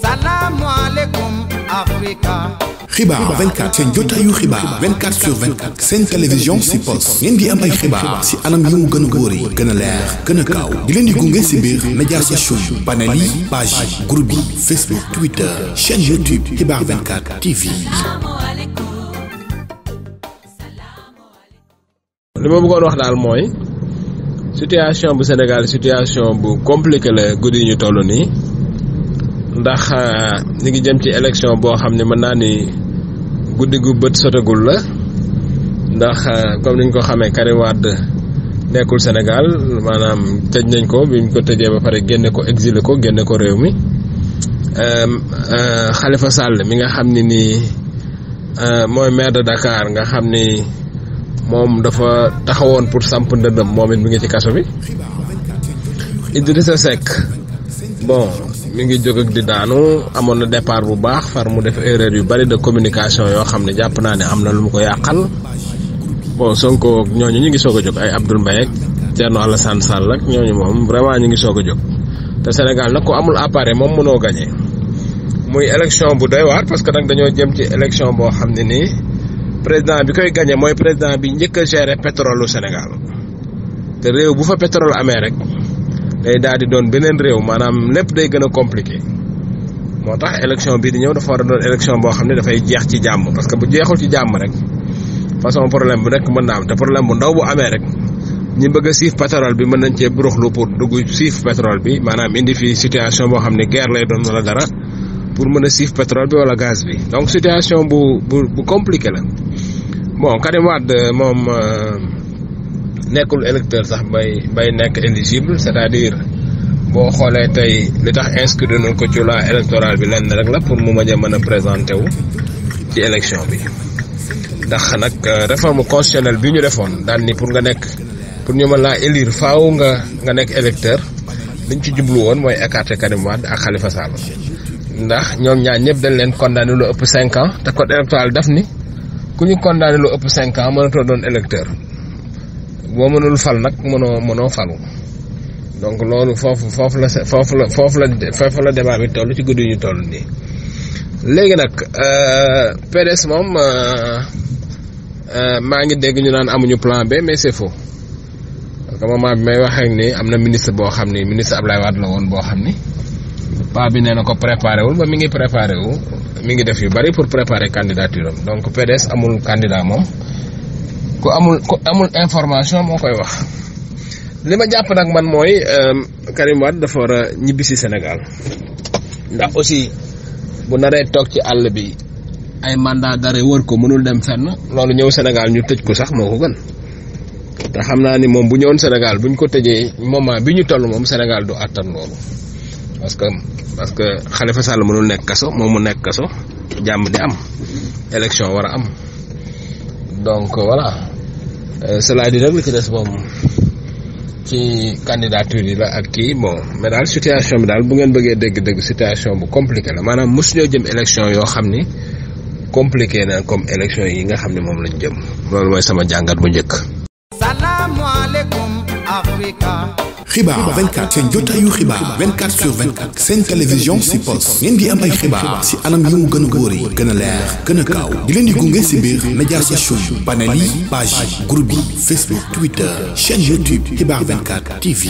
salaamaleykum Afrika. xibaar 24 seen jotaayu xibaar 24 sur seen télévision si post ngeen di am ay xibaar si anam yi mu gën a wóore gën leer gën a gaaw di leen di gunge si biir médias sociaux yi panel yi page yi groupe yi Facebook Twitter chaîne YouTube xibaar 24 TV. li ma wax daal mooy situation bu Sénégal situation bu compliqué la guddi yi ñu toll nii. ndax euh, ñu ngi jëm ci élection boo xam ne mën naa ni guddi gu bët sotagul la ndax euh, comme niñ ko xamee Karim nekkul Sénégal maanaam tëj nañ ko biñ ko tëjee ba pare génne ko exilé ko génne ko réew mi euh, Khalifa Sall mi nga xam ne nii mooy maire de Dakar nga xam ni moom dafa taxawoon pour samp ndëndëm moom it mi ngi ci kaso bi Idrissa Seck bon mi ngi jóg ak di daanu amoon na départ bu baax far mu def erreur yu bari de communication yoo xam ne jàpp naa ne am na lu mu ko yàqal bon Sonko ñooñu ñu ngi soog a jóg ay Abdoul Mbaye ak Thierno Alassane Sall ak ñooñu moom vraiment ñu ngi soog a jóg te Sénégal nag ku amul appareil moom mënoo gagné muy élection bu doy waat parce que nag dañoo jëm ci élection boo xam ni nii président bi koy gagné mooy président bi njëkk a gérer pétrole Sénégal te réew bu fa pétrole amee rek. day daal di doon beneen réew maanaam lépp day gën a compliqué moo tax élection bi di ñëw dafa war a doon élection boo xam ne dafay jeex ci jàmm parce que bu jeexul ci jàmm rek façon problème bu nekk mën naa am te problème bu ndaw bu amee rek ñi bëgg a siif pétrole bi mën nañ cee buruxlu pour dugg siif pétrole bi maanaam indi fi situation boo xam ne guerre lay doon wala dara pour mën a siif pétrole bi wala gaz bi donc situation bu bu bu compliqué la bon Karim moom. Euh, nekkul électeur sax bay bay nekk éligible cest à diir boo xoolee tey li tax inscrire nañ ko ci loi électorale bi lenn rek la pour mu mën a mën a présenter wu ci élection bi ndax nag euh, réforme constitutionnelle bi ñu defoon daal ni pour nga nekk pour ñu mën laa élire faaw nga nga nekk électeur liñ ci jublu woon mooy écarter Karim Wade ak Khalifa Sall ndax ñoom ñaar ñëpp dañ leen condamné lu ëpp cinq ans te code électoral daf ni ku ñu condamné lu ëpp cinq ans mënatoo doon électeur boo mënul fal nag mënoo mënoo falu donc loolu foofu foofu la foofu la foofu la foofu la débat bi toll ci guddi ñu toll nii léegi nag euh, PDS moom euh, euh, maa ngi dégg ñu naan amuñu plan B mais c'est faux que moment bi may wax ak ni am na ministre boo xam ni ministre Ablaye Wade la woon boo xam ni paa bi nee na ko préparé wul ba mi ngi préparé wu mi ngi def yu bari pour préparer candidature am donc PDS amul candidat moom. ku amul ku amul information moo koy wax li ma jàpp nag man mooy euh, Karim Wade dafa war a ñibbisi si Sénégal ndax aussi bu naree toog ci àll bi ay mandat d'arrêt wër ko mënul dem fenn loolu ñëw Sénégal ñu tëj ko sax moo ko gën te xam naa ni moom bu ñëwoon Sénégal buñ ko tëjee moment bi ñu toll moom Sénégal du àttan loolu parce que parce que Khalifa Sall mënul nekk kaso moom mu nekk kaso jàmm di am élection war a am donc voilà Euh, cela dit nag li ci des moom ci candidature yi la ak kii bon mais daal situation bi daal bu ngeen bëggee dégg-dégg situation bu compliqué la maanaam mosu ñoo jëm élection yoo xam ni compliqué na comme élection yi nga xam ne moom lañ jëm loolu mooy sama jàngat bu njëkk. xibaar 24 seen jotaayu xibaar 24 sur 24 seen télévision si poste ngeen di am ay xibaar si anam yi mu gën a wóore gën a leer gën a gaaw di leen di gunge si biir médias sociaux yi panel yi page Facebook Twitter chaîne YouTube xibaar TV